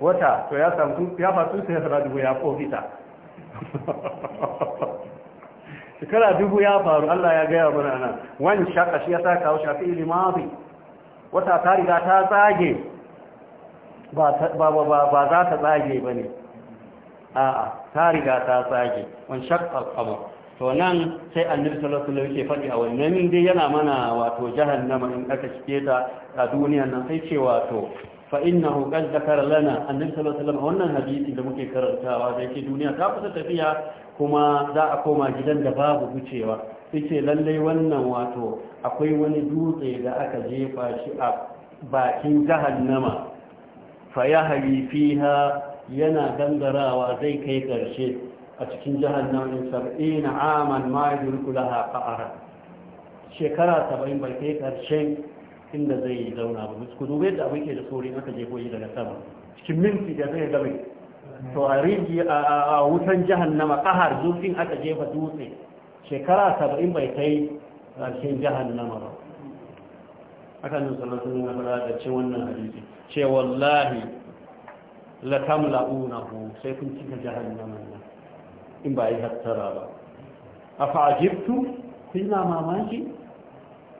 wata to ya samu ya faru sai ya dubu ya ta. shekara dubu ya faru Allah ya gaya mana nan wani shaka shi ya sa kawo shafi ilimabi wata ta riga ta tsage ba za ta tsage ba ne a'a ta riga ta tsage wani shakkar abu to nan sai annabi sallallahu alaihi wasallam ke faɗi a wani. wannan dai yana mana wato jahannama in aka cike ta a duniya nan sai ce wato fa innahu qad zakara lana annabi sallallahu alaihi wannan hadisi da muke karantawa da yake duniya ta kusa tafiya kuma za a koma gidan da babu wucewa yake lallai wannan wato akwai wani dutse da aka jefa shi a bakin jahannama fa ya yana gangarawa zai kai ƙarshe a cikin jahannama in sab'ina aman ma yurku laha qa'ara shekara saba'in bai kai ƙarshen inda zai yi zauna ba ku dube da abin ke da saurin aka jefo yi daga sama cikin minti da zai gabe to a wutan jahannama ƙahar zurfin aka jefa dutse shekara saba'in bai kai rashin jahannama ba aka nan sanatun na fara da ce wannan hadisi ce wallahi la tamla'unahu sai kun cika jahannama nan in ba yi hattara ba a fa'ajibtu suna mamaki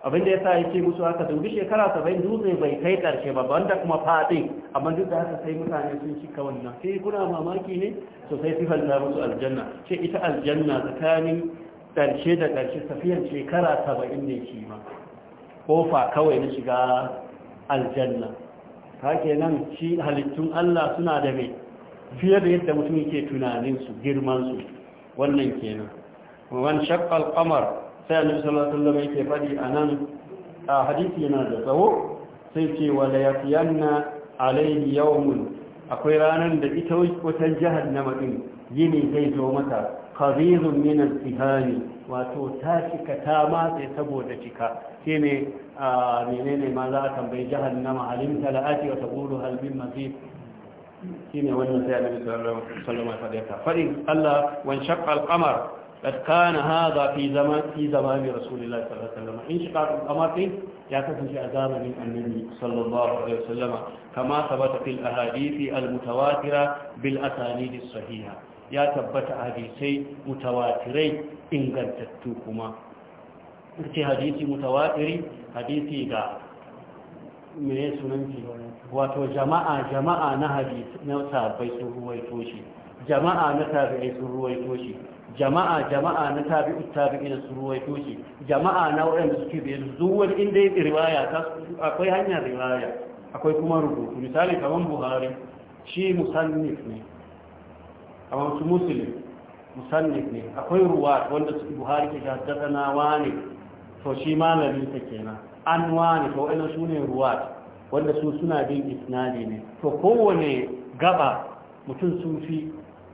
abinda ya sa yake musu haka dubi shekara saba'in dutse bai kai ƙarshe ba banda kuma faɗi amma duk da haka sai mutane sun cika wannan sai eh, kuna mamaki ne sosai sifar na musu aljanna ce ita aljanna tsakanin ƙarshe da ƙarshe tafiyar shekara saba'in ne shi ma kofa kawai na shiga aljanna ta nan shi halittun Allah suna da mai fiye da yadda mutum yake tunaninsu girmansu wannan ke nan. wani shakkal kamar sai an sallallahu alaihi wasallam yake faɗi a nan a hadisi yana da tsawo sai ce fi yana alaihi yawmun akwai ranar da ita wata na din yini zai zo mata qadirun min al-tihani wato ta cika ta matse saboda cika shine a menene ma za a tambayi jahannama alim talati wa taqulu hal min mazid shine wannan sai annabi sallallahu alaihi wasallam ya faɗa ta fadin Allah wan shaqqa al-qamar qad kana hadha fi zaman fi zaman rasulillahi sallallahu alaihi wasallam in shaqqa al-qamar ya kasance a zamanin annabi sallallahu alaihi wasallam kama sabata fil ahadithi al-mutawatira bil asanid as-sahiha ya tabbata hadisai mutawatirai ingantattu kuma ce hadisi mutawatiri hadisi ga mai sunanci wato jama'a jama'a na hadisi na sabai sun ruwai toshi jama'a na tabi'ai sun ruwai toshi jama'a jama'a na tabi'ut tabi'ina sun ruwaito toshi jama'a na waɗanda suke da yanzu zuwan inda ya riwaya akwai hanyar riwaya akwai kuma rubutu misali kamar buhari shi musannif ne kamar su muslim musannif ne akwai ruwa wanda su buhari ke haddasa na wani to shi ma ta kenan an wani to ina su ne ruwa wanda su suna bin isnadi ne to kowane gaba mutum sun fi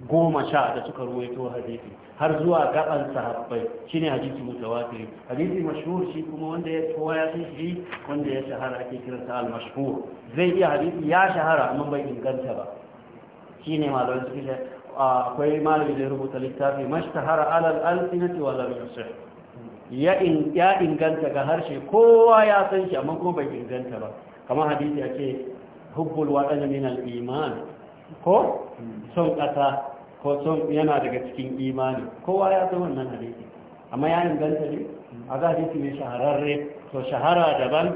goma sha da suka ruwa ruwaito hadisi har zuwa gaban sahabbai shine hadisi mutawatir hadisi mashhur shi kuma wanda ya kowa ya san shi wanda ya shahara ake kiransa al-mashhur zai iya hadisi ya shahara amma bai inganta ba shine malamin suke akwai malami da rubuta littafi mashtahara alal alfinati wala lam ya in ya inganta ga harshe kowa ya san shi amma kuma bai inganta ba kamar hadisi ake hubbul wadana min al iman ko son kasa ko son yana daga cikin imani kowa ya san wannan hadisi amma ya inganta ne a hadisi mai shahararre to shahara daban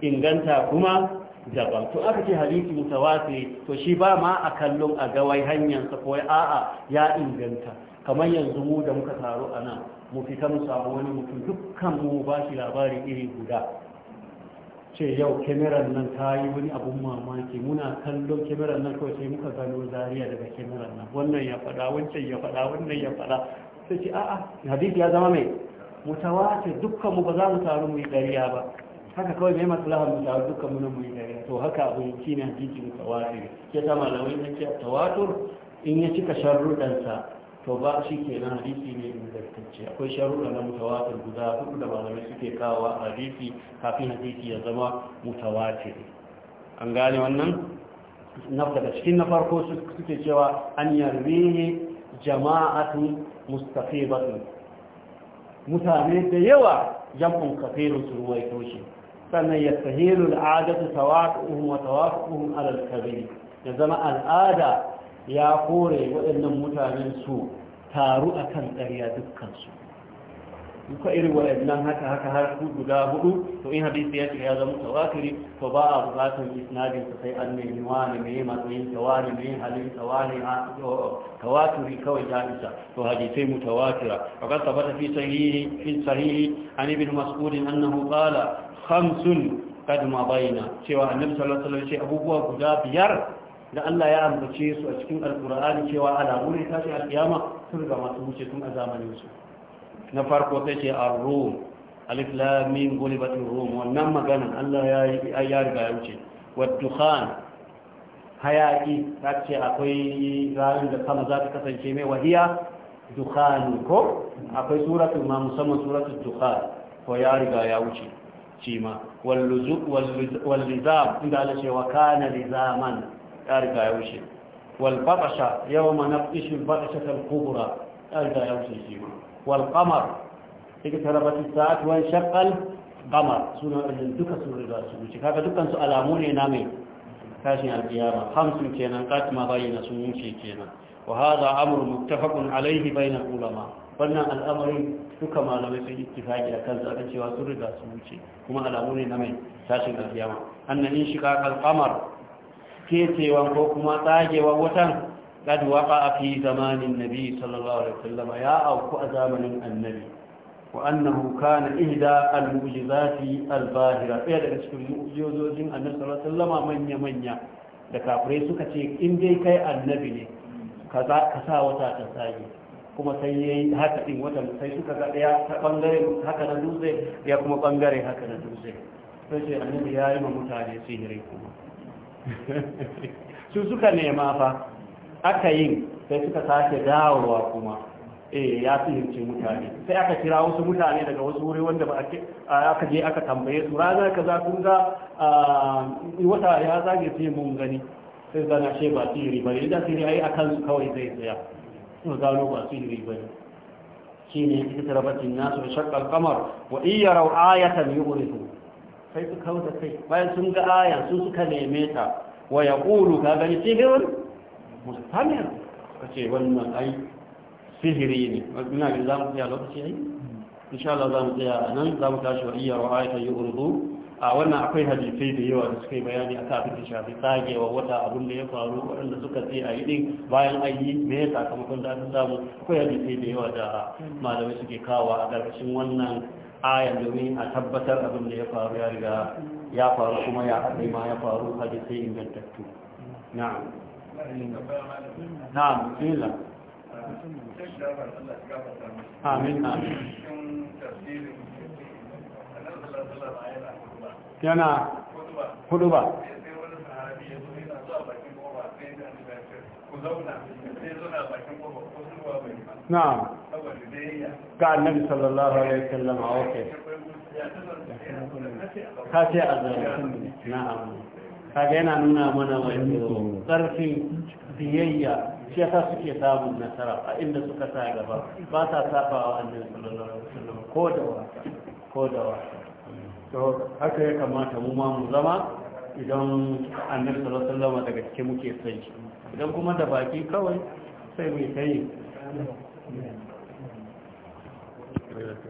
inganta kuma daban to aka ce hadisi mutawatir to shi ba ma a kallon a gawai hanyarsa ko a'a ya inganta kamar yanzu mu da muka taru a nan mu fita mu samu wani mutum dukkan mu ba shi labari iri guda ce yau kemiran nan ta yi wani abun mamaki muna kallon kemiran nan kawai sai muka gano zariya daga kemiran nan wannan ya faɗa wancan ya faɗa wannan ya faɗa sai ce a'a hadisi ya zama mai mutawatir dukkan mu ba za mu taru mu yi dariya ba haka kawai mai maslaha mu ta dukkan munan mai dare to haka abun yake ne jikin tawatur ke ta malamai na ce tawatur in ya cika sharrudan to ba shi kenan hadisi ne zartacce akwai sharuɗa na mutawatir guda hudu da malamai suke kawo a hadisi kafin hadisi ya zama mutawatir an gane wannan na daga cikin na farko suke cewa an yarwihi jama'atun mustafibatun mutane da yawa jam'un kafirun su ya toshe sannan ya sahilu al'adatu tawafuhum wa tawafuhum alal kabiri ya zama al'ada ya kore waɗannan mutanen su taru akan ƙarya dukkan su duka irin waɗannan haka haka har su guda hudu to in hadisi ya ce ya zama tawakiri to ba a bukatar isnadin su sai an nemi wani mai matsayin tawani mai halin tawani tawakiri kawai ya isa to hadisai mutawatira faqad thabata fi sahihi fi sahihi an ibn mas'ud annahu qala khamsun kadma mabaina cewa annabi sallallahu alaihi wasallam ce abubuwa guda biyar da Allah ya ambace su a cikin alqur'ani cewa alamu ta tashi alqiyama sun ga masu wuce tun a zamanin su na farko sai ce ar-rum alif lam mim gulibatir rum wannan magana Allah ya ya riga ya wuce wad-dukhan hayaki ce akwai ranar da sama za ta kasance mai wahiya dukhani ko akwai suratul ma musamman suratul dukhan ko ya riga ya wuce cima wallizam inda ala cewa kana lizaman ya riga ya wuce walfatasha yau ma nafishin fatashatar kubura ya riga ya wuce cima walkamar ita tarabatin sa'at wani shakal Gamar, suna ɗin duka sun riga su wuce kaga dukansu alamu ne na mai tashin alƙiyama hamsin kenan katima bayyana sun wuce kenan wa haza amru muttafaqun alaihi bainal ulama wannan al'amarin duka malamai sun ittifaki akan su akan cewa sun riga su wuce kuma alamu ne na mai tashin alkiyama annan in shiga alqamar kecewan ko kuma tsagewan watan qad a fi zamanin nabi sallallahu alaihi wasallam ya auku a zamanin annabi wa annahu kana ihda almu'jizati albahira ya daga cikin mu'jizojin annabi sallallahu alaihi wasallam manya manya da kafirai suka ce in dai kai annabi ne ka sa wata ta tsage kuma sai ya yi haka ɗin watan sai suka ga ɗaya ta ɓangare haka na dutse ya kuma ɓangare haka na dutse sai ce annabi ya yi ma mutane sihiri kuma su suka nema fa aka yin sai suka sake dawowa kuma eh ya sihirce mutane sai aka kira wasu mutane daga wasu wuri wanda ba a aka je aka tambaye su ranar za kun ga wata ya zage sai mun gani sai zana ce ba sihiri ba ne idan sihiri ai akan kawai zai tsaya suka gano ba sihiri ba ne shi ne suka tarabatin nasu da shakkar kamar wa iya rau ayatan yi urisu sai su kawo da kai bayan sun ga aya su suka neme ta wa ya ƙulu ka gani sihirin mustamir ka ce wannan ai sihiri ne Wani ina gani za mu tsaya lokaci ai insha Allah za mu tsaya a nan za mu tashi wa iya rau ayatan yi urisu a wannan akwai hadisai da yawa da suka yi bayani a kafin da shafi tsagewa wata abin da ya faru waɗanda suka ce a yi ɗin bayan an yi me ya sakamakon da aka samu akwai hadisai da yawa da malamai suke kawo a ƙarƙashin wannan ayan domin a tabbatar abin da ya faru ya riga ya faru kuma ya haɗe ma ya faru hadisai ingantattu na'am na'am amin amin yana hudu ba Na ga annabi sallallahu alaihi wasallam a ah, oke ka ce a zarafin na'am kaga yana nuna mana wani ƙarfin biyayya shi yasa suke samun nasara a inda suka sa gaba ba sa saba wa annabi sallallahu alaihi wasallam ko da wasa ko da wasa to haka ya kamata mu ma mu zama idan annabi sallallahu alaihi wasallam daga cikin muke sai idan kuma da baki kawai sai mu yi kai